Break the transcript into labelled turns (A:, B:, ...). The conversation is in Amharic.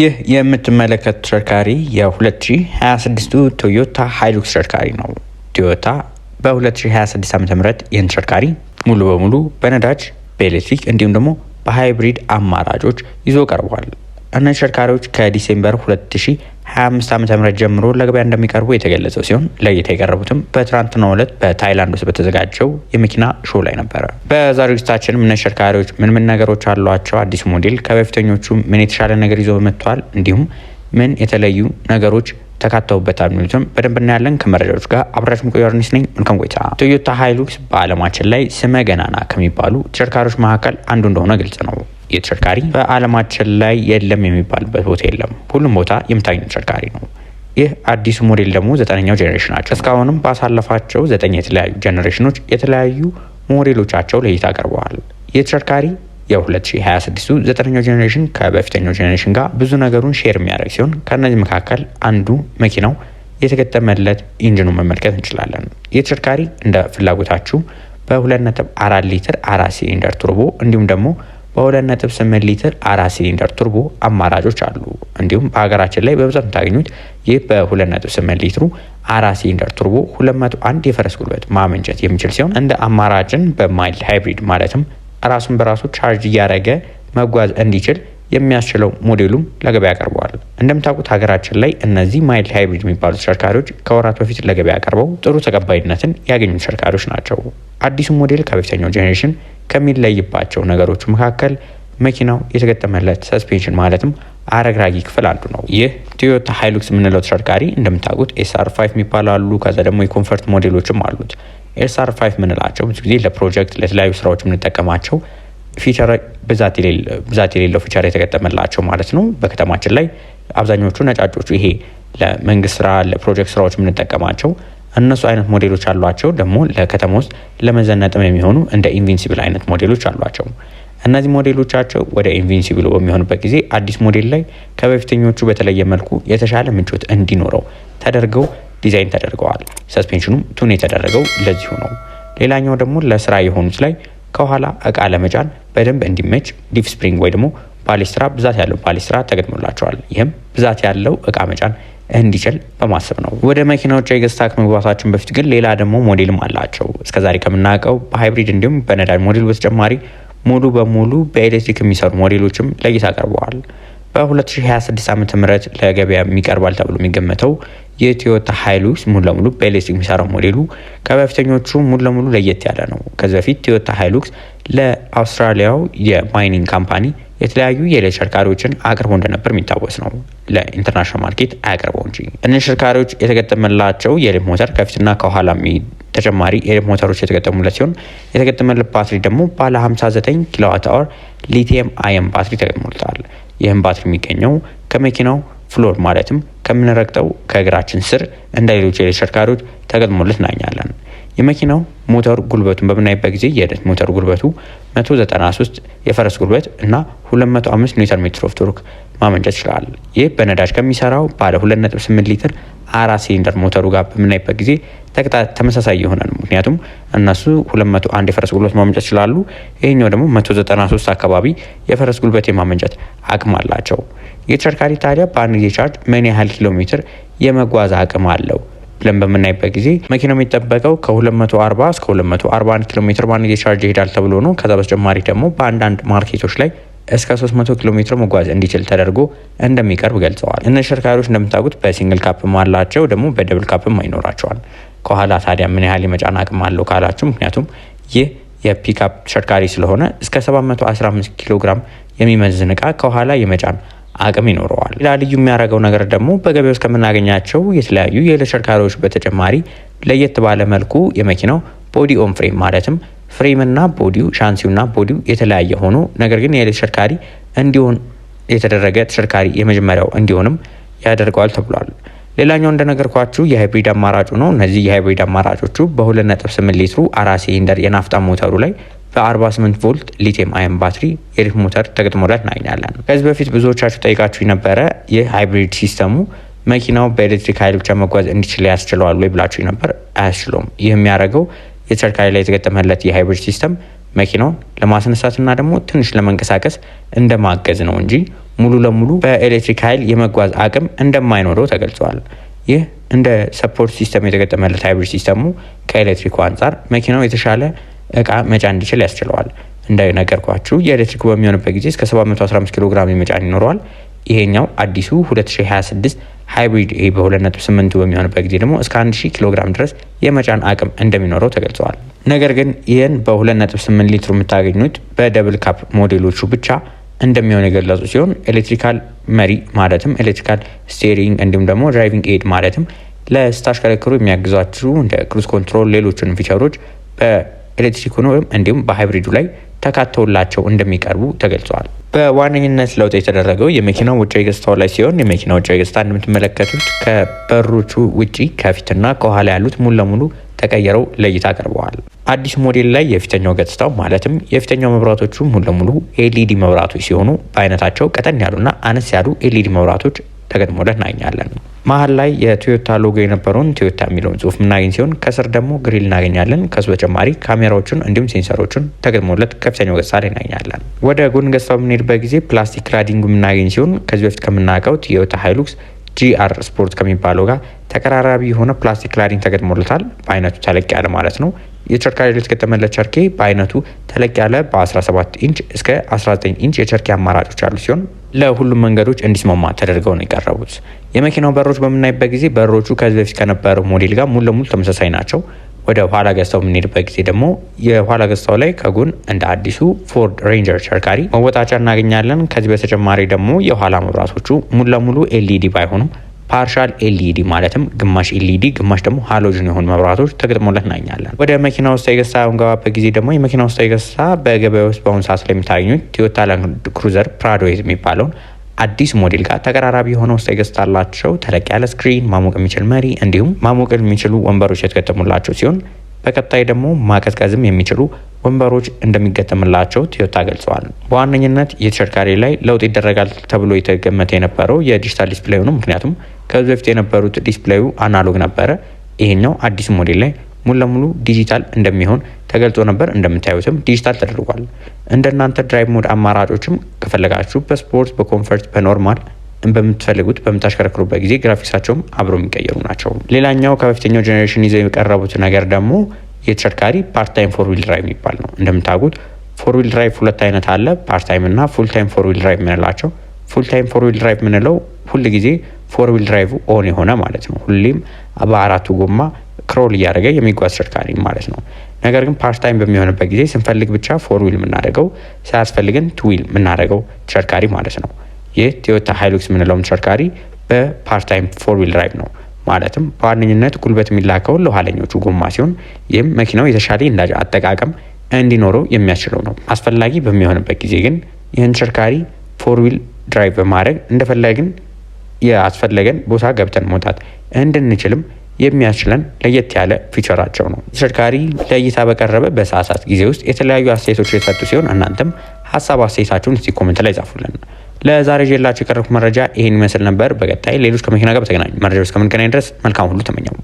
A: ይህ የምትመለከቱት ተሽከርካሪ የ2026 ቶዮታ ሃይሉክስ ተሽከርካሪ ነው። ቶዮታ በ2026 ዓ ም ይህን ተሽከርካሪ ሙሉ በሙሉ በነዳጅ በኤሌክትሪክ እንዲሁም ደግሞ በሃይብሪድ አማራጮች ይዞ ቀርቧል። እነዚህ ተሽከርካሪዎች ከዲሴምበር 2025 ዓ ም ጀምሮ ለገበያ እንደሚቀርቡ የተገለጸው ሲሆን ለእይታ የቀረቡትም በትናንትናው ዕለት በታይላንድ ውስጥ በተዘጋጀው የመኪና ሾ ላይ ነበረ። በዛሬው ዝግጅታችንም እነዚህ ተሽከርካሪዎች ምን ምን ነገሮች አሏቸው፣ አዲስ ሞዴል ከበፊተኞቹ ምን የተሻለ ነገር ይዞ መጥቷል፣ እንዲሁም ምን የተለዩ ነገሮች ተካተውበታል የሚሉትም በደንብ እናያለን። ከመረጃዎች ጋር አብራሽ ቆዩ። ነኝ። መልካም ቆይታ። ቶዮታ ሃይሉክስ በዓለማችን ላይ ስመ ገናና ከሚባሉ ተሽከርካሪዎች መካከል አንዱ እንደሆነ ግልጽ ነው። የተሽከርካሪ በአለማችን ላይ የለም የሚባልበት ቦታ የለም። ሁሉም ቦታ የምታገኘው ተሽከርካሪ ነው። ይህ አዲሱ ሞዴል ደግሞ ዘጠነኛው ጀኔሬሽን ናቸው። እስካሁንም ባሳለፋቸው ዘጠኝ የተለያዩ ጀኔሬሽኖች የተለያዩ ሞዴሎቻቸው ለእይታ ቀርበዋል። ይህ ተሽከርካሪ የ2026 ዘጠነኛው ጀኔሬሽን ከበፊተኛው ጀኔሬሽን ጋር ብዙ ነገሩን ሼር የሚያደርግ ሲሆን ከእነዚህ መካከል አንዱ መኪናው የተገጠመለት ኢንጂኑን መመልከት እንችላለን። ይህ ተሽከርካሪ እንደ ፍላጎታችሁ በ2.4 ሊትር አራት ሲሊንደር ቱርቦ እንዲሁም ደግሞ በ2.8 ሊትር አራት ሲሊንደር ቱርቦ አማራጮች አሉ። እንዲሁም በሀገራችን ላይ በብዛት የምታገኙት ይህ በ2.8 ሊትሩ አራት ሲሊንደር ቱርቦ 201 የፈረስ ጉልበት ማመንጨት የሚችል ሲሆን እንደ አማራጭን በማይልድ ሃይብሪድ ማለትም ራሱን በራሱ ቻርጅ እያደረገ መጓዝ እንዲችል የሚያስችለው ሞዴሉም ለገበያ ቀርበዋል። እንደምታውቁት ሀገራችን ላይ እነዚህ ማይልድ ሃይብሪድ የሚባሉ ተሽከርካሪዎች ከወራት በፊት ለገበያ ቀርበው ጥሩ ተቀባይነትን ያገኙ ተሽከርካሪዎች ናቸው። አዲሱ ሞዴል ከበፊተኛው ጄኔሬሽን ከሚለይባቸው ነገሮች መካከል መኪናው የተገጠመለት ሰስፔንሽን ማለትም አረግራጊ ክፍል አንዱ ነው። ይህ ቶዮታ ሃይሉክስ የምንለው ተሽከርካሪ እንደምታውቁት ኤስአር ፋይቭ የሚባላሉ ከዛ ደግሞ የኮንፈርት ሞዴሎችም አሉት። ኤስአር ፋይቭ የምንላቸው ብዙ ጊዜ ለፕሮጀክት ለተለያዩ ስራዎች የምንጠቀማቸው ፊቸር ብዛት የሌለው ፊቸር የተገጠመላቸው ማለት ነው። በከተማችን ላይ አብዛኞቹ ነጫጮቹ ይሄ ለመንግስት ስራ ለፕሮጀክት ስራዎች የምንጠቀማቸው እነሱ አይነት ሞዴሎች አሏቸው። ደግሞ ለከተማ ውስጥ ለመዘነጥም የሚሆኑ እንደ ኢንቪንሲብል አይነት ሞዴሎች አሏቸው። እነዚህ ሞዴሎቻቸው ወደ ኢንቪንሲብል በሚሆንበት ጊዜ አዲስ ሞዴል ላይ ከበፊተኞቹ በተለየ መልኩ የተሻለ ምቾት እንዲኖረው ተደርገው ዲዛይን ተደርገዋል። ሰስፔንሽኑም ቱን የተደረገው ለዚሁ ነው። ሌላኛው ደግሞ ለስራ የሆኑት ላይ ከኋላ እቃ ለመጫን በደንብ እንዲመች ዲፍ ስፕሪንግ ወይ ደግሞ ባሌስትራ ብዛት ያለው ባሌስትራ ተገጥሞላቸዋል። ይህም ብዛት ያለው እቃ መጫን እንዲችል በማሰብ ነው። ወደ መኪናው ውጫዊ ከመግባታችን በፊት ግን ሌላ ደግሞ ሞዴልም አላቸው። እስከዛሬ ከምናውቀው በሃይብሪድ እንዲሁም በነዳጅ ሞዴል በተጨማሪ ሙሉ በሙሉ በኤሌክትሪክ የሚሰሩ ሞዴሎችም ለእይታ አቀርበዋል በ በ2026 ዓ ም ለገበያ የሚቀርባል ተብሎ የሚገመተው የቶዮታ ሃይሉክስ ሙሉ ለሙሉ በኤሌክትሪክ የሚሰራው ሞዴሉ ከበፊተኞቹ ሙሉ ለሙሉ ለየት ያለ ነው። ከዚህ በፊት ቶዮታ ሃይሉክስ ለአውስትራሊያው የማይኒንግ ካምፓኒ የተለያዩ የኤሌክትሪክ አቅርቦ እንደነበር የሚታወስ ነው። ለኢንተርናሽናል ማርኬት አያቅርበው እንጂ እነዚህ ተሽከርካሪዎች የተገጠመላቸው የልብ ሞተር ከፊትና ከኋላ ተጨማሪ የልብ ሞተሮች የተገጠሙለት ሲሆን የተገጠመለት ባትሪ ደግሞ ባለ 59 ኪሎዋት አወር ሊቲየም አየን ባትሪ ተገጥሞልታል። ይህም ባትሪ የሚገኘው ከመኪናው ፍሎር ማለትም ከምንረግጠው ከእግራችን ስር እንደ ሌሎች ተሽከርካሪዎች ተገጥሞለት እናኛለን የመኪናው ሞተር ጉልበቱን በምናይበት ጊዜ የነዳጅ ሞተር ጉልበቱ 193 የፈረስ ጉልበት እና 205 ኒውተን ሜትር ኦፍ ቶርክ ማመንጨት ይችላል። ይህ በነዳጅ ከሚሰራው ባለ 2.8 ሊትር አራት ሲሊንደር ሞተሩ ጋር በምናይበት ጊዜ ተመሳሳይ የሆነ ነው። ምክንያቱም እነሱ 201 የፈረስ ጉልበት ማመንጨት ይችላሉ። ይህኛው ደግሞ 193 አካባቢ የፈረስ ጉልበት የማመንጨት አቅም አላቸው። የተሽከርካሪ ታዲያ በአንድ ጊዜ ቻርጅ ምን ያህል ኪሎ ሜትር የመጓዝ አቅም አለው ብለን በምናይበት ጊዜ መኪናው የሚጠበቀው ከ240 እስከ 241 ኪሎ ሜትር ባንዴ ቻርጅ ይሄዳል ተብሎ ነው። ከዛ በተጨማሪ ደግሞ በአንዳንድ ማርኬቶች ላይ እስከ 300 ኪሎ ሜትር መጓዝ እንዲችል ተደርጎ እንደሚቀርብ ገልጸዋል። እነ ተሽከርካሪዎች እንደምታውቁት በሲንግል ካፕም አላቸው፣ ደግሞ በደብል ካፕም አይኖራቸዋል። ከኋላ ታዲያ ምን ያህል የመጫን አቅም አለው ካላችሁ፣ ምክንያቱም ይህ የፒክአፕ ተሽከርካሪ ስለሆነ እስከ 715 ኪሎ ግራም የሚመዝን እቃ ከኋላ የመጫን አቅም ይኖረዋል። ሌላ ልዩ የሚያደርገው ነገር ደግሞ በገበያ ውስጥ ከምናገኛቸው የተለያዩ የተሽከርካሪዎች በተጨማሪ ለየት ባለ መልኩ የመኪናው ቦዲ ኦን ፍሬም ማለትም ፍሬምና ቦዲው ሻንሲውና ቦዲው የተለያየ ሆኖ ነገር ግን የኤሌክትሪክ ተሽከርካሪ እንዲሆን የተደረገ ተሽከርካሪ የመጀመሪያው እንዲሆንም ያደርገዋል ተብሏል። ሌላኛው እንደነገርኳችሁ የሃይብሪድ አማራጩ ነው። እነዚህ የሃይብሪድ አማራጮቹ በ2.8 ሊትሩ አራት ሲሊንደር የናፍጣ ሞተሩ ላይ በ48 ቮልት ሊቲየም አየን ባትሪ የሪፍ ሞተር ተገጥሞለት እናገኛለን። ከዚህ በፊት ብዙዎቻችሁ ጠይቃችሁ ነበረ ይህ ሃይብሪድ ሲስተሙ መኪናው በኤሌክትሪክ ኃይል ብቻ መጓዝ እንዲችል ያስችለዋል ወይ ብላችሁ ነበር። አያስችለውም። ይህ የሚያደርገው የተሽከርካሪ ላይ የተገጠመለት የሃይብሪድ ሲስተም መኪናውን ለማስነሳትና ደግሞ ትንሽ ለመንቀሳቀስ እንደማገዝ ነው እንጂ ሙሉ ለሙሉ በኤሌክትሪክ ኃይል የመጓዝ አቅም እንደማይኖረው ተገልጿል። ይህ እንደ ሰፖርት ሲስተም የተገጠመለት ሃይብሪድ ሲስተሙ ከኤሌክትሪኩ አንጻር መኪናው የተሻለ እቃ መጫን እንዲችል ያስችለዋል። እንደነገርኳችሁ የኤሌክትሪክ በሚሆንበት ጊዜ እስከ 715 ኪሎ ግራም የመጫን ይኖረዋል። ይሄኛው አዲሱ 2026 ሃይብሪድ ይሄ በ2.8 በሚሆንበት ጊዜ ደግሞ እስከ 1000 ኪሎ ግራም ድረስ የመጫን አቅም እንደሚኖረው ተገልጸዋል። ነገር ግን ይህን በ2.8 ሊትሩ የምታገኙት በደብል ካፕ ሞዴሎቹ ብቻ እንደሚሆን የገለጹ ሲሆን ኤሌክትሪካል መሪ ማለትም ኤሌክትሪካል ስቴሪንግ እንዲሁም ደግሞ ድራይቪንግ ኤድ ማለትም ለስታሽከረክሩ የሚያግዟችሁ እንደ ክሩዝ ኮንትሮል ሌሎችን ፊቸሮች ኤሌክትሪክ እንዲሁም በሃይብሪዱ ላይ ተካተውላቸው እንደሚቀርቡ ተገልጿል። በዋነኝነት ለውጥ የተደረገው የመኪናው ውጫዊ ገጽታው ላይ ሲሆን የመኪናው ውጫዊ ገጽታ እንደምትመለከቱት ከበሮቹ ውጪ ከፊትና ከኋላ ያሉት ሙሉ ለሙሉ ተቀየረው ለእይታ ቀርበዋል። አዲስ ሞዴል ላይ የፊተኛው ገጽታው ማለትም የፊተኛው መብራቶቹ ሙሉ ለሙሉ ኤልኢዲ መብራቶች ሲሆኑ በአይነታቸው ቀጠን ያሉና አነስ ያሉ ኤልኢዲ መብራቶች ተገጥሞለት እናገኛለን። መሀል ላይ የቶዮታ ሎጎ የነበረውን ቶዮታ የሚለውን ጽሁፍ የምናገኝ ሲሆን ከስር ደግሞ ግሪል እናገኛለን። ከሱ በተጨማሪ ካሜራዎቹን እንዲሁም ሴንሰሮቹን ተገጥሞለት ከፍተኛው ገጽታ ላይ እናገኛለን። ወደ ጎን ገጽታው የምንሄድበት ጊዜ ፕላስቲክ ክላዲንጉ የምናገኝ ሲሆን ከዚህ በፊት ከምናውቀው ቶዮታ ሃይሉክስ ጂአር ስፖርት ከሚባለው ጋር ተቀራራቢ የሆነ ፕላስቲክ ላሪን ተገጥሞለታል። በአይነቱ ተለቅ ያለ ማለት ነው። የቸርካሪ ላይ የተገጠመለት ቸርኬ በአይነቱ ተለቅ ያለ በ17 ኢንች እስከ 19 ኢንች የቸርኬ አማራጮች ያሉ ሲሆን ለሁሉም መንገዶች እንዲስማማ ተደርገው ነው የቀረቡት። የመኪናው በሮች በምናይበት ጊዜ በሮቹ ከዚህ በፊት ከነበረው ሞዴል ጋር ሙሉ ለሙሉ ተመሳሳይ ናቸው። ወደ ኋላ ገዝተው የምንሄድበት ጊዜ ደግሞ የኋላ ገዝተው ላይ ከጎን እንደ አዲሱ ፎርድ ሬንጀር ተሽከርካሪ መወጣጫ እናገኛለን። ከዚህ በተጨማሪ ደግሞ የኋላ መብራቶቹ ሙሉ ለሙሉ ኤልኢዲ e ባይሆኑም ፓርሻል ኤልኢዲ e ማለትም ግማሽ ኤልኢዲ e ግማሽ ደግሞ ሃሎጅን የሆኑ መብራቶች ተገጥሞለት እናገኛለን። ወደ መኪና ውስጥ የገሳ በምንገባበት ጊዜ ደግሞ የመኪና ውስጥ የገሳ በገበያ ውስጥ በአሁኑ ሰዓት ላይ ቶዮታ ላንድ ክሩዘር ፕራዶ የሚባለውን አዲስ ሞዴል ጋር ተቀራራቢ የሆነ ውስጥ የገጽታላቸው ተለቅ ያለ ስክሪን ማሞቅ የሚችል መሪ እንዲሁም ማሞቅ የሚችሉ ወንበሮች የተገጠሙላቸው ሲሆን በቀጣይ ደግሞ ማቀዝቀዝም የሚችሉ ወንበሮች እንደሚገጠምላቸው ቶዮታ ገልጸዋል። በዋነኝነት የተሽከርካሪ ላይ ለውጥ ይደረጋል ተብሎ የተገመተ የነበረው የዲጂታል ዲስፕሌዩ ነው። ምክንያቱም ከዚህ በፊት የነበሩት ዲስፕሌዩ አናሎግ ነበረ። ይሄኛው አዲስ ሞዴል ላይ ሙሉ ለሙሉ ዲጂታል እንደሚሆን ተገልጾ ነበር። እንደምታዩትም ዲጂታል ተደርጓል። እንደናንተ ድራይቭ ሞድ አማራጮችም ከፈለጋችሁ በስፖርት፣ በኮንፈርት፣ በኖርማል በምትፈልጉት በምታሽከረክሩበት ጊዜ ግራፊክሳቸውም አብሮ የሚቀየሩ ናቸው። ሌላኛው ከበፊተኛው ጀኔሬሽን ይዘው የቀረቡት ነገር ደግሞ የተሽከርካሪ ፓርትታይም ዊል ድራይቭ የሚባል ነው። እንደምታውቁት ዊል ድራይቭ ሁለት አይነት አለ፣ ፓርትታይም እና ፉልታይም ዊል ድራይቭ የምንላቸው። ፉልታይም ዊል ድራይቭ የምንለው ሁል ጊዜ ዊል ድራይቭ ኦን የሆነ ማለት ነው። ሁሌም በአራቱ ጎማ ክሮል እያደረገ የሚጓዝ ተሽከርካሪ ማለት ነው። ነገር ግን ፓርትታይም ታይም በሚሆንበት ጊዜ ስንፈልግ ብቻ ፎር ዊል የምናደርገው ሳያስፈልግን ቱ ዊል የምናደርገው ተሽከርካሪ ማለት ነው። ይህ ቶዮታ ሃይሉክስ የምንለውም ተሽከርካሪ በፓርትታይም ፎር ዊል ድራይቭ ነው። ማለትም በዋነኝነት ጉልበት የሚላከው ለኋለኞቹ ጎማ ሲሆን ይህም መኪናው የተሻለ የነዳጅ አጠቃቀም እንዲኖረው የሚያስችለው ነው። አስፈላጊ በሚሆንበት ጊዜ ግን ይህን ተሽከርካሪ ፎር ዊል ድራይቭ በማድረግ እንደፈለግን የአስፈለገን ቦታ ገብተን መውጣት እንድንችልም የሚያስችለን ለየት ያለ ፊቸራቸው ነው። ተሽከርካሪ ለእይታ በቀረበ በሰዓታት ጊዜ ውስጥ የተለያዩ አስተያየቶች የተሰጡ ሲሆን እናንተም ሀሳብ አስተያየታችሁን እስቲ ኮመንት ላይ ጻፉልን። ለዛሬ ጀላችሁ የቀረብኩት መረጃ ይህን ይመስል ነበር። በቀጣይ ሌሎች ከመኪና ጋር በተገናኙ መረጃዎች እስከምንገናኝ ድረስ መልካም ሁሉ ተመኘው።